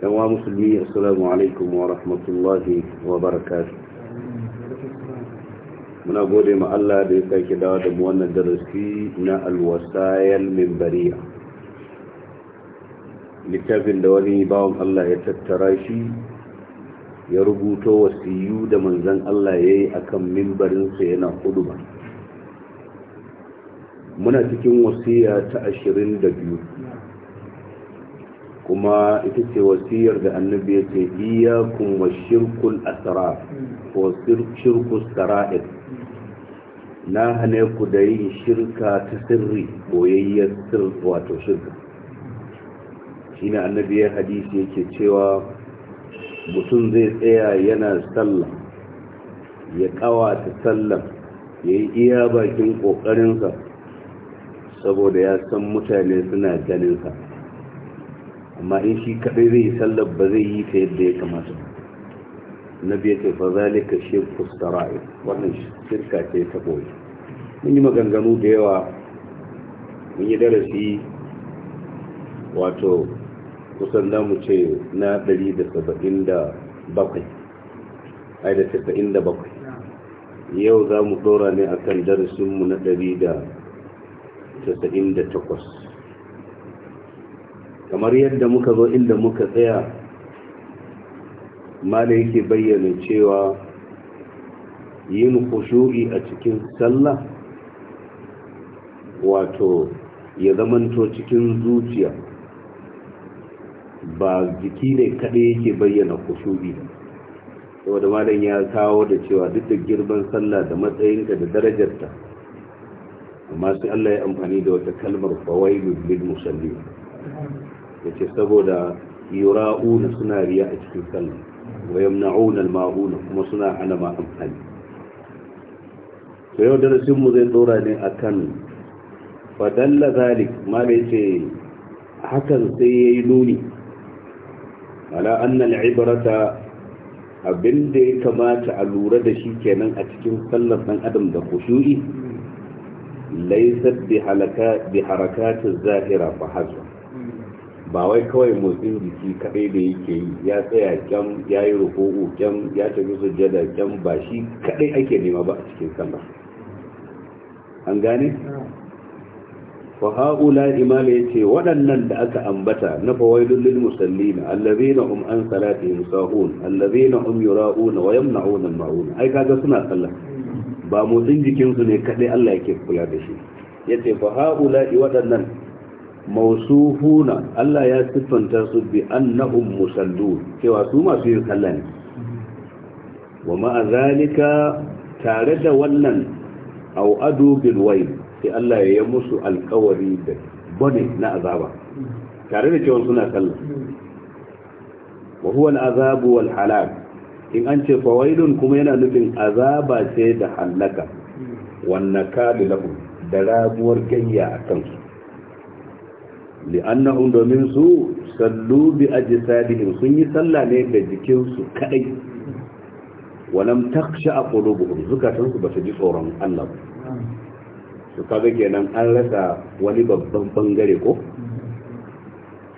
yawa musulmi assalamu alaikum wa rahmatullahi wa barakatu muna gode ma Allah da ya sake dawo da mu wannan darasi na alwasayal minbariya littafin da wani bawan Allah ya tattara shi ya rubuto wasiyu da manzan Allah ya yi a kan mimbarinsa yana huduba muna cikin wasiya ta ashirin da biyu. kuma ita ce wasiyar da annabi ya ce iyakun wa shirkul ko shirkus sara'id na hane ku da yin shirka ta sirri boyayyar sir wato shirka shine annabi ya hadisi yake cewa mutum zai tsaya yana sallah ya ƙawata sallah ya yi iya bakin kokarinsa saboda ya san mutane suna ganinsa amma in shi kadai zai yi sallar ba zai yi ta yadda ya kamata na biya ce fa zalika shirku sara'i wannan shirka ce ta ɓoye. mun yi maganganu da yawa mun yi darasi wato kusan za mu ce na 177 ai da 97 yau za mu ɗora ne a kan darasinmu na 198 kamar yadda muka zo inda muka tsaya mala yake bayyana cewa yin kushu'i a cikin sallah wato ya zamanto cikin zuciya ba jiki ne kaɗai yake bayyana kushu'i saboda malam ya kawo da cewa duk da girman sallah da matsayinka da darajarta amma sai Allah ya amfani da wata kalmar fawai lil musallin ya ce saboda yura'una suna riya a cikin sallah wa yamna'una al-ma'una kuma suna hana ma amfani to yau darasin mu zai dora ne akan fadalla zalik mala yace hakan sai yayi nuni ala anna al-ibrata ya kamata a lura da shi kenan a cikin sallar dan adam da kushu'i laysat bi halaka bi harakatin zahira fa ba wai kawai motsin jiki kaɗai da yake yi ya tsaya kyan ya yi rukuku kyan ya tafi sujjada kyan ba shi kaɗai ake nema ba a cikin sallah an gane fa haula imala yace waɗannan da aka ambata na fawailul lil musallin allazina hum an salatihim sahun allazina hum yura'un wa yamna'un al-ma'un ai kaga suna sallah ba motsin jikinsu ne kaɗai Allah yake kula da shi yace fa haula waɗannan mausuhuna Allah ya siffanta su bi annahum musallun cewa su masu yin sallah ne wa ma'a zalika tare da wannan au adu bil wayl sai Allah ya yi musu alƙawari da bane na azaba tare da cewa suna sallah wa huwa al wal halak in an ce fawailun kuma yana nufin azaba ce da halaka wannan kadu da rabuwar gayya a kansu li'annahum domin su sallu bi ajsadihim sun yi sallah ne da jikinsu kadai walam takhsha qulubuhum zukatan su bata ji tsoron Allah su kaga kenan an rasa wani babban bangare ko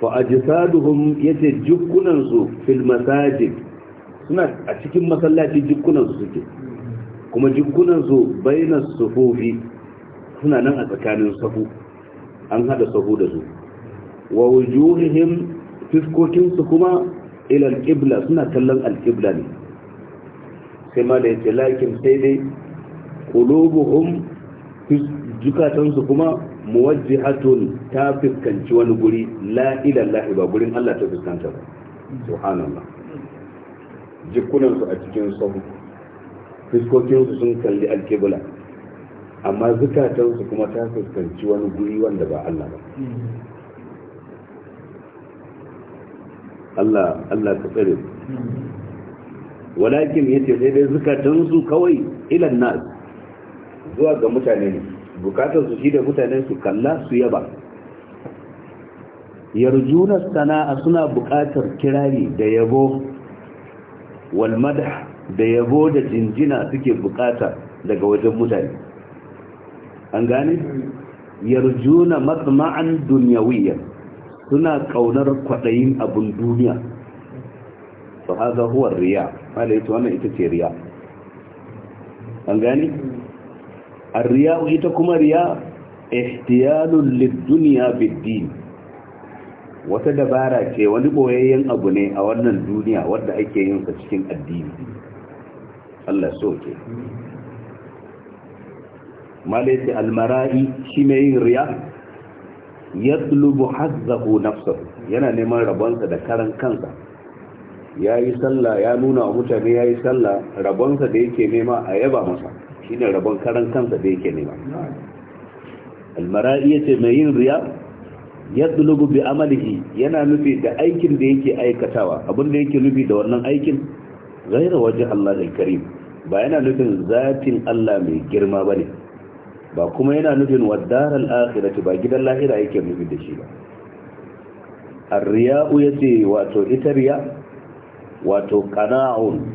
fa ajsaduhum yace jukkunan su fil masajid suna a cikin masallaci jukkunan su suke kuma jukkunan su bainas sufufi suna nan a tsakanin safu an hada sahu da su wa wujuhihim fiskokinsu kuma ila alqibla suna kallon alƙibla ne sai ma da yace lakin sai dai qulubuhum zukatansu kuma muwajjihatun ta fiskanci wani guri la ila Allah gurin Allah ta fiskanta ba subhanallah jikunan su a cikin sahu fiskokin sun kalli alƙibla, amma zukatansu kuma ta fuskanci wani guri wanda ba Allah ba mm-hmm. Allah Allah ka tsare walakin yace sai dai zukatan su kawai ilan nas zuwa ga mutane ne bukatar su shi da mutane su kalla su yaba yarjuna sana'a suna bukatar kirari da yabo wal madh da yabo da jinjina suke bukata daga wajen mutane an gane yarjuna matma'an dunyawiyyan suna kaunar kwaɗayin abin duniya su haza huwar riya mala ita wannan ita ce riya an gani a riya ita kuma riya ihtiyalun lidduniya biddin wata dabara ce wani boyayyen abu ne a wannan duniya wadda ake yin sa cikin addini Allah so ke mala ita almara'i shi mai yin riya yadlubu hazzahu nafsa yana neman rabonsa da karan kansa ya yi sallah ya nuna wa mutane ya yi sallah rabonsa da yake nema a yaba masa shine rabon karan kansa da yake nema almara'i yace mai yin riya yadlubu bi amalihi yana nufi da aikin da yake aikatawa abin da yake nufi da wannan aikin ghayra wajhi Allah al-karim ba yana nufin zatin Allah mai girma bane ba kuma yana nufin waddaral akhirati ba gidan lahira yake nufin da shi ba ar-riya'u ce wato ita riya wato kanaun?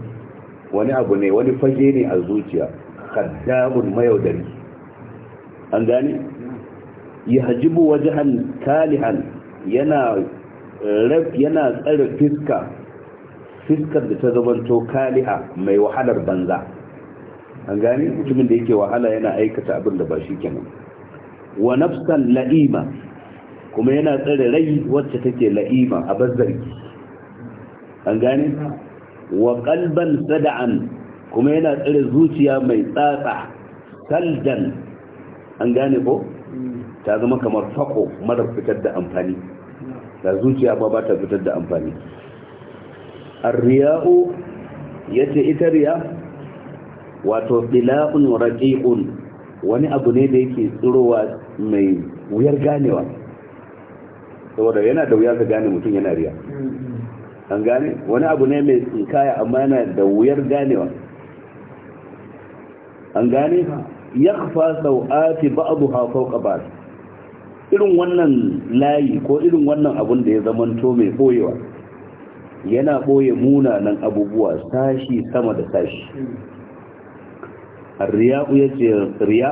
wani abu ne wani fage ne a zuciya kaddamun mayaudari an gane yahjibu wajhan kalihan yana yana tsare fiska fiskar da ta zamanto kaliha mai wahalar banza an gani mutumin da yake wahala yana aikata abin da ba shi kenan wa nafsan la'ima kuma yana tsare rai wacce take la'ima a bazzarki an gani wa qalban sada'an kuma yana tsare zuciya mai tsatsa saldan an gane ko ta zama kamar fako mara fitar da amfani da zuciya ba ba ta fitar da amfani arriya'u yace ita riya wato dila'un raqiqun wani abu ne da yake tsirowa mai wuyar ganewa saboda yana da wuya ka gane mutum yana riya an gane wani abu ne mai tsinkaya amma yana da wuyar ganewa an gane yakfa ba abu hafau ba'd irin wannan layi ko irin wannan abun da ya zamanto mai boyewa yana boye munanan abubuwa sashi sama da sashi riya'u ya ce riya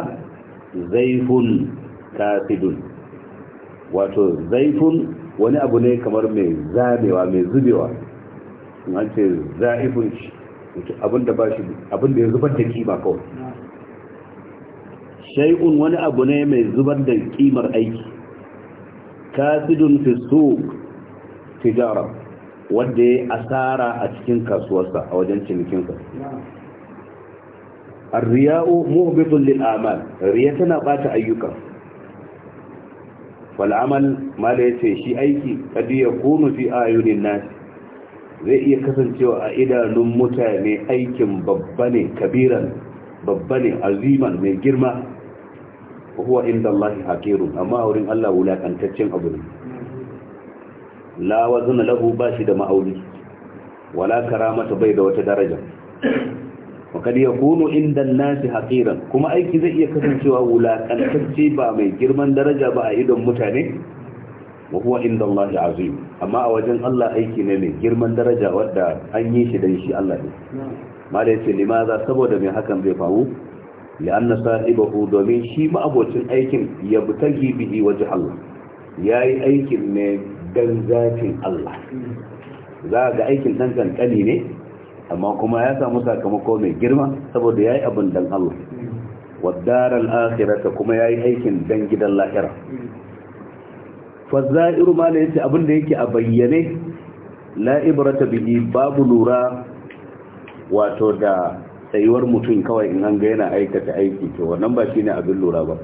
zaifun kafidun wato zaifun wani abu ne kamar mai zamewa mai zubewa an ce za'ifun abinda ba shi abinda ya zubar da kima kawai shay'un wani abu ne mai zubar da kimar aiki Kafidun fi suq tijara wanda ya asara a cikin kasuwarsa a wajen cinikinsa arriya'u muhbitun lil amal riya tana bata ayyuka wal amal mala yace shi aiki kadi ya kunu fi ayunin nas zai iya kasancewa a idanun mutane aikin babba ne kabiran babba ne aziman mai girma huwa inda Allah hakirun amma wurin Allah wulakantaccen abu ne la wazna lahu bashi da ma'auni wala karamata bai da wata daraja wa kad kunu inda nasi haƙiran kuma aiki zai iya kasancewa wulakantacce ba mai girman daraja ba a idon mutane wa huwa inda Allah azim amma a wajen Allah aiki ne mai girman daraja wadda an yi shi dan shi Allah ne mala yace limaza saboda mai hakan zai faru li'anna sahibahu domin shi ma aikin ya butagi bihi wajh Allah yayi aikin ne dan zatin Allah za ga aikin ɗan kankani ne amma kuma ya samu sakamako mai girma saboda ya yi abin dan Allah waddaran akhirata kuma ya yi aikin dan gidan lahira fazza'iru ma da yace abin da yake a bayyane la ibrata babu lura wato da tsayuwar mutum kawai in an ga yana aikata aiki to wannan ba shine abin lura ba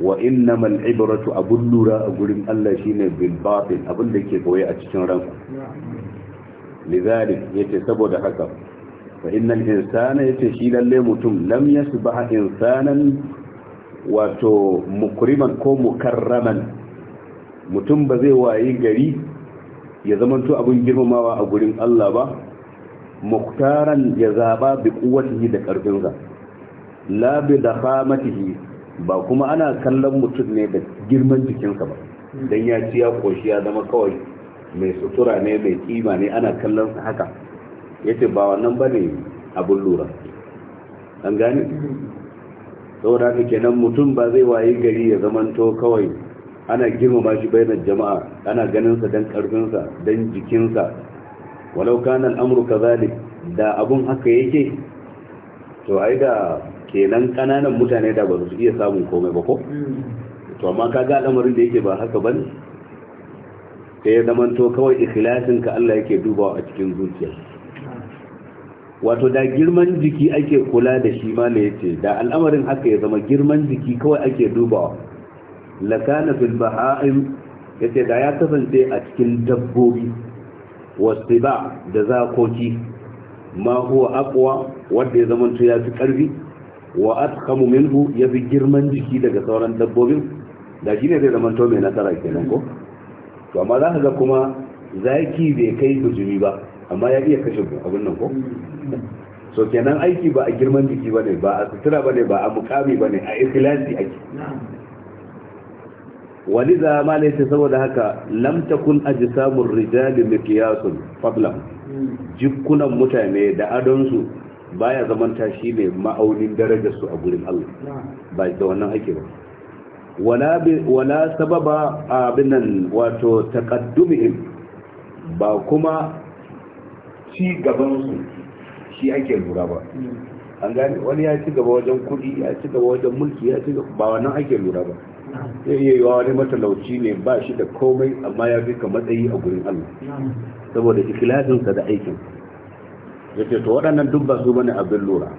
wa innamal ibratu abun lura a gurin Allah shine bil bilbafin abin da yake koyi a cikin ranku. lidhalik yace saboda haka fa innal insana yace shi lalle mutum lam yasbaha insanan wato mukriman ko mukarraman mutum ba zai wayi gari ya zamanto abin girmamawa a gurin Allah ba muktaran ya zaba bi kuwatihi da karfinsa la bi dakhamatihi ba kuma ana kallon mutum ne da girman jikinsa ba dan ya ci ya koshi ya zama kawai mai sutura ne mai kima ne ana kallon sa haka yace ba wannan bane abun lura an gane saboda haka kenan mutum ba zai wayi gari ya zamanto kawai ana girmama shi bainar jama'a ana ganinsa sa dan karfin sa dan jikin sa walau kana al'amru da abun haka yake to ai da kenan kananan mutane da ba su iya samun komai ba ko hmm. to amma kaga al'amarin da yake ba haka bane sai ya to kawai ikhlasin ka Allah yake dubawa a cikin zuciya wato da girman jiki ake kula da shi ma ne yace da al'amarin haka ya zama girman jiki kawai ake dubawa lakana fil baha'im yace da ya kasance a cikin dabbobi wasiba da zakoki ma huwa aqwa wanda ya to ya fi karfi wa atkamu minhu ya fi girman jiki daga sauran dabbobin da ne zai zamanto mai nasara kenan ko to amma za ka ga kuma zaki bai kai bujumi ba amma ya iya kashe abin nan ko so kenan aiki ba a girman jiki bane ba a sutura bane ba a mukami bane a ikhlasi ake waliza ma ne saboda haka lam takun samun rijali miqyasun fadlan jikunan mutane da adon su baya zamanta shine ma'aunin darajarsu a gurin Allah ba da wannan ake ba wala sababa abinan wato taqaddumihim ba kuma ci gabansu shi ake lura ba an gani wani ya ci gaba wajen kudi ya ci gaba wajen mulki ya ci gaba ba wannan ake lura ba sai iya yiwa wani matalauci ne ba shi da komai amma ya fi ka matsayi a gurin Allah saboda ikilasinsa da aikin ya ce to waɗannan duk ba su bane abin lura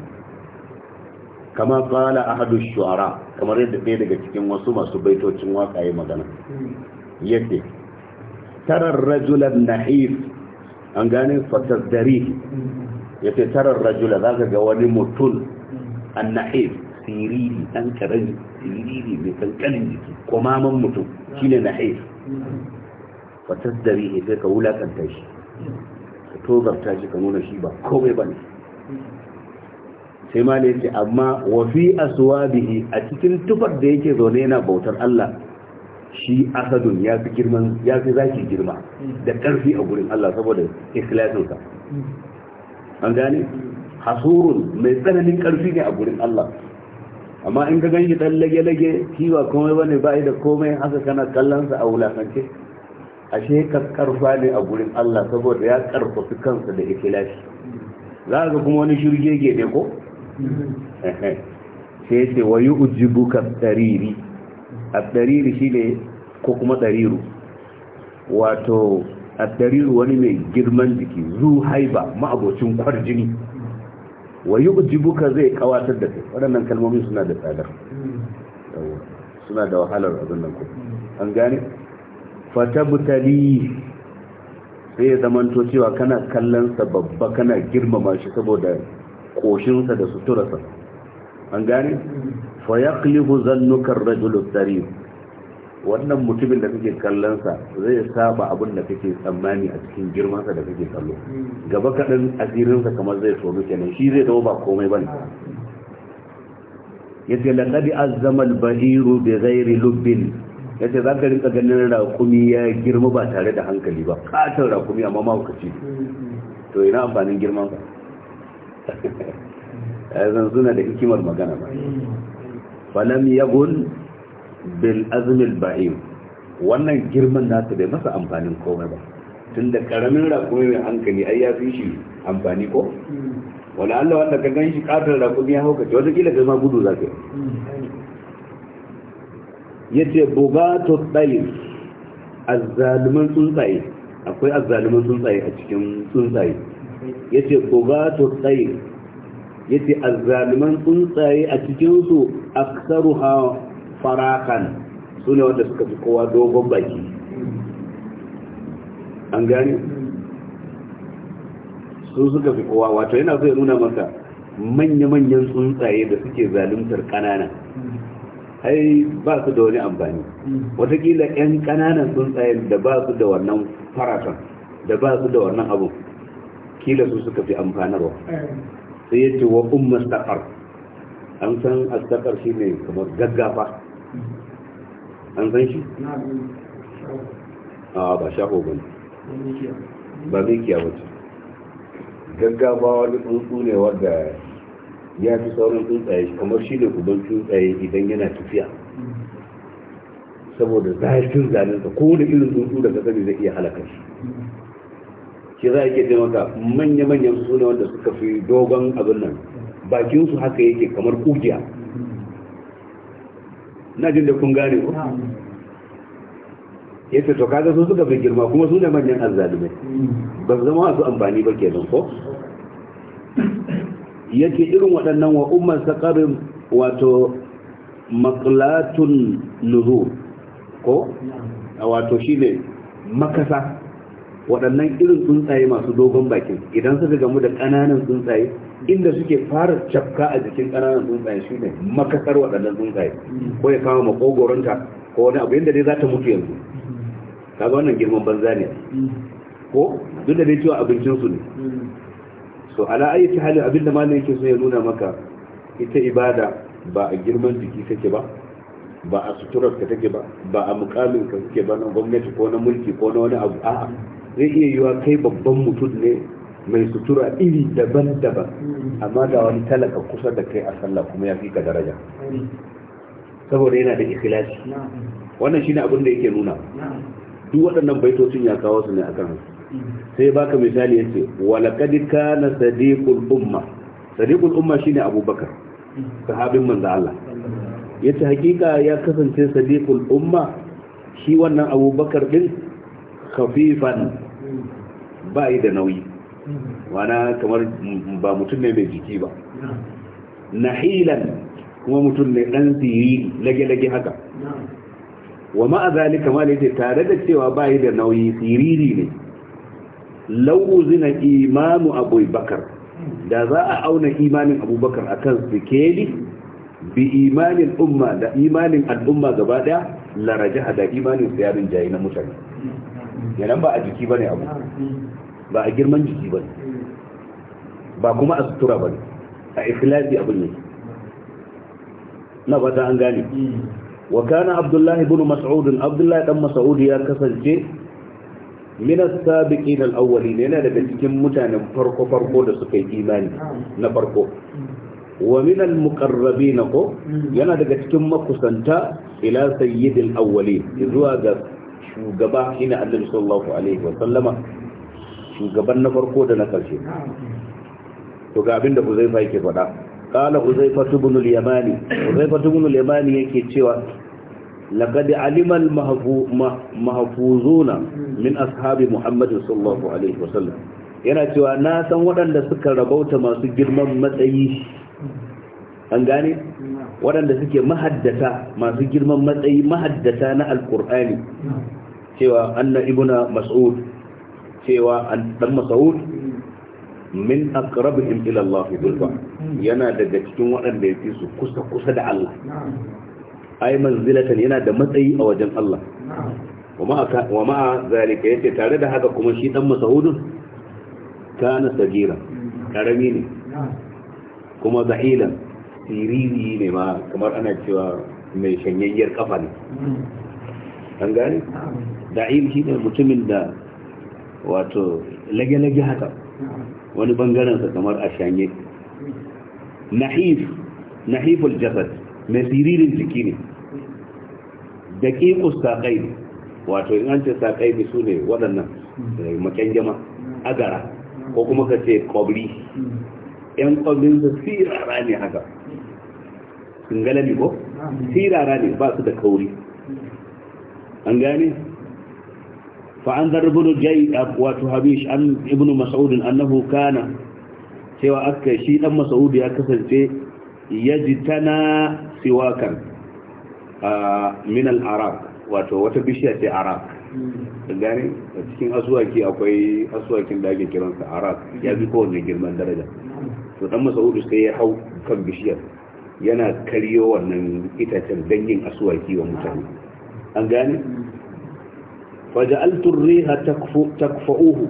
kama kala ahadu shu'ara kamar yadda ɗaya daga cikin wasu masu baitocin waka yi magana yace tarar rajulan nahif an gane dari fatazdari yace tarar za ka ga wani mutum an nahif siriri dan karen siriri mai kankanin jiki komaman mutum shine nahif ya sai ka wulakanta shi ka tozarta shi ka nuna shi ba komai ne. sai ma ne ce amma wafi aswabihi a cikin tufar da yake zaune yana bautar Allah shi asadun ya fi girman ya fi zaki girma da karfi a gurin Allah saboda ikhlasinsa an gane hasurun mai tsananin ƙarfi ne a gurin Allah amma in ka ganshi dan lage-lage shi ba komai bane ba da komai haka kana kallon sa a wulakance ashe ka karfa ne a gurin Allah saboda ya karfa su kansa da ikhlasi za ka kuma wani shirgege ne ko sai ce wa yi ujibuka ɗariri a tsariri shi ne ko kuma ɗariru wato a wani mai girman jiki zu haiba ma'abocin kwarjini wa yi ujibuka zai kawatar da kai waɗannan kalmomi suna da tsadar suna da wahalar abin nan kuma an gane butali sai ya zamanto cewa kana kallon sababba babba kana girmama shi saboda koshinsa da suturarsa an gane fa yaqlibu zannuka ar-rajulu wannan mutumin da kake kallon sa zai saba abin da kake tsammani a cikin girman sa da kake kallo gaba kadan asirinsa kamar zai tsoro kenan shi zai dawo ba komai bane yace laqad azzama al-bahiru bi ghairi lubbin yace zaka rinka ganin rakumi ya girma ba tare da hankali ba katon rakumi amma ma ci. to ina amfanin girman ka Yanzu na da hikimar magana ba falam yagun bil azmil ba'im wannan girman ta bai masa amfanin komai ba tun da karamin rakumi mai hankali ai ya fi shi amfani ko wani allah wanda ka gan shi katar rakumi ya haukace kila ka zama gudu za ka yi ya ce bugatu tsayin azzaluman tsuntsaye akwai azzaluman tsuntsaye a cikin tsuntsaye yace qubatu tsayi yace azzaliman tsuntsaye a cikin su ha farakan sune wanda suka fi kowa dogon baki an gani su suka fi kowa wato yana so ya nuna maka manya-manyan tsuntsaye da suke zaluntar kanana ai ba su da wani amfani watakila 'yan kananan tsuntsayen da ba su da wannan faratan da ba su da wannan abu kila su suka fi amfanarwa sai yace wa umma saqar an san shi shine kamar gaggafa an san shi a ba shaho bane ba zai kiya wata gaggafa wani tsuntsu ne wanda ya fi sauran tsuntsaye kamar shi ne kuma tsuntsaye idan yana tafiya saboda zafin zanen ta kowane irin tsuntsu da ka sani zai iya halaka shi ke za a ke taimaka manya-manyan su ne wanda suka fi dogon abin nan bakin su haka yake kamar kugiya na jin da kun gane ku ya fito to kaga su suka fi girma kuma su ne manyan azzalumai ba su zama masu amfani ba kenan ko yake irin waɗannan wa umar saƙarin wato maklatun nuzur ko wato shi ne makasa waɗannan irin tsuntsaye masu dogon bakin idan suka gamu da ƙananan tsuntsaye inda suke fara cafka a jikin ƙananan tsuntsaye shi ne makasar waɗannan tsuntsaye ko ya kama makogoronta ko wani abu yadda dai za ta mutu yanzu ga wannan girman banza ne ko duk da dai cewa abincinsu ne so ala ayyati hali abinda malamin yake so ya nuna maka ita ibada ba a girman jiki take ba ba a suturar ka take ba ba a mukamin ka kake ba na gwamnati ko na mulki ko na wani abu a'a zai iya yiwa kai babban mutum ne mai sutura iri daban-daban amma da wani talaka kusa da kai a sallah kuma ya fi ka daraja saboda yana da ikhlasi wannan shine abin da yake nuna duk waɗannan baitocin ya kawo su ne akan sai baka misali yace walaqad kana sadiqul umma sadiqul umma shine abubakar sahabin manzo Allah yace hakika ya kasance sadiqul umma shi wannan abubakar din khafifan ba yi da nauyi wana kamar ba mutum ne mai jiki ba nahilan kuma mutum ne dan siri lage-lage haka wa ma'azali zalika ma ne tare da cewa ba da nauyi siriri ne zina imanu abubakar da za a auna imanin abubakar akan sikeli bi imanin umma da imanin al'umma gaba daya la da imanin sa yarin jayi na mutane yanan ba a jiki bane abu ba a girman jiki bane ba kuma a sutura bane a ikhlasi abin ne na fata an gane wa kana abdullahi ibn mas'ud abdullahi dan mas'ud ya kasance min as-sabiqin al-awwalin yana daga cikin mutanen farko farko da suka yi imani na farko wa minal muqarrabin ko mm. yana daga cikin makusanta ila sayyidil awwalin zuwa ga shugaba shine annabi sallallahu alaihi wa sallama shugaban na farko da na karshe to ga abinda Uzaifa yake faɗa Kala Uzaifa ibn al-Yamani Uzaifa ibn al-Yamani yake cewa laqad alima al-mahfuzuna min ashabi Muhammad sallallahu alaihi wa sallam yana cewa na san waɗanda suka rabauta masu girman matsayi an gane waɗanda suke mahaddata masu girman matsayi mahaddata na alkur'ani cewa anna ibuna mas'ud cewa dan mas'ud min aqrabihim ila Allah zulfa yana daga cikin waɗanda yake su kusa kusa da Allah ai manzilatan yana da matsayi a wajen Allah wa ma'a zalika yace tare da haka kuma shi dan mas'udun kana sagira karami ne kuma zahilan siriri ne ma kamar ana cewa mai shanyayyar kafa ne an gane da'im shi ne mutumin da wato lage-lage haka wani bangarensa kamar a shanye nahif nahiful jasad mai siririn jiki ne da ƙiƙus saƙai ne wato in an ce saƙai ne su ne waɗannan eh, makyanjama agara ko kuma ka ce kobri 'yan ƙobrin da sirara ne haka galami ko sirara ne ba su da kauri an gane fa'an zarbin jai wato habish an ibn mas'udin annahu kana cewa aka shi dan mas'ud ya kasance yajtana siwakan min al-arab wato wata bishiya ce arab gane a cikin asuwaki akwai asuwakin da ake kiransa arab ya fi kowane girman daraja to dan mas'ud sai ya hau kan bishiyar yana karyo wannan itacen dangin asuwaki wa mutane an gane faja'altu riha takfa'uhu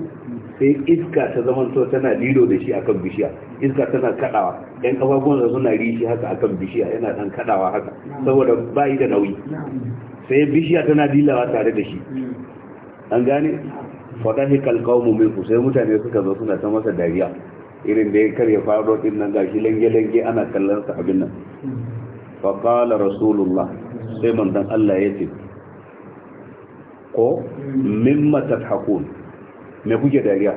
sai iska ta zamanto tana lilo da shi akan bishiya iska tana kadawa yan kafafuwan suna rishi haka akan bishiya yana dan kadawa haka saboda bayi da nauyi sai bishiya tana dilawa tare da shi an gane fadahikal qawmu minhu sai mutane suka zo suna ta masa dariya irin da ya karya faro din nan gashi lange-lange ana kallon sa abin nan faƙala rasulullah sai manzan Allah ya ce ko mimma tafhakun me kuke dariya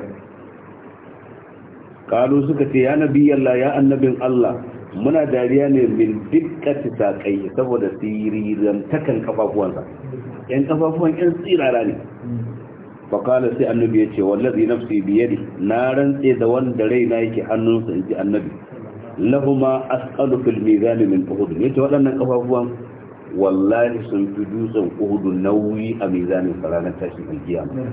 kalu suka ce ya nabi Allah ya annabin Allah muna dariya ne min dikkati saƙai saboda siriran takan sa. yan kafafuwan yan tsirara ne faƙala sai annabi ya ce wallazi nafsi biyadi na rantse da wanda raina yake hannunsa in ji annabi lahuma as'alu fil mizan min uhud kafafuwan wallahi sun fi dutsen uhud nauyi a mizanin faranan tashin alkiyama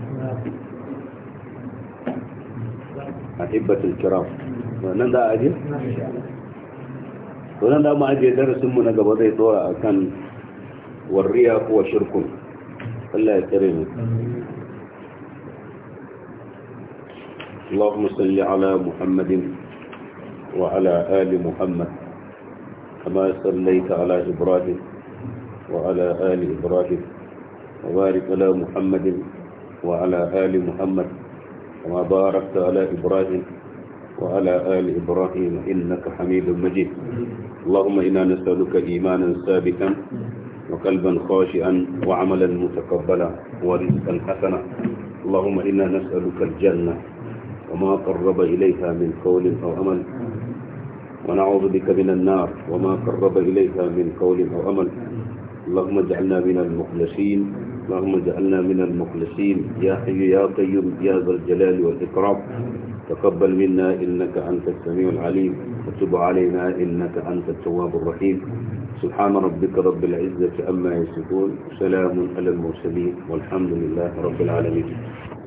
a kiram wannan da aje wannan da mu aje darasin mu na gaba zai tsora akan warriya ko shirkun Allah ya tsare mu اللهم صل على محمد وعلى آل محمد كما صليت على إبراهيم وعلى آل إبراهيم وبارك على محمد وعلى آل محمد كما باركت على إبراهيم وعلى آل إبراهيم إنك حميد مجيد اللهم إنا نسألك إيمانا ثابتا وقلبا خاشعا وعملا متقبلا ورزقا حسنا اللهم إنا نسألك الجنة وما قرب إليها من قول أو عمل ونعوذ بك من النار وما قرب إليها من قول أو عمل اللهم اجعلنا من المخلصين اللهم اجعلنا من المخلصين يا حي يا قيوم يا ذا الجلال والإكرام تقبل منا إنك أنت السميع العليم وتب علينا إنك أنت التواب الرحيم سبحان ربك رب العزة أما يصفون سلام على المرسلين والحمد لله رب العالمين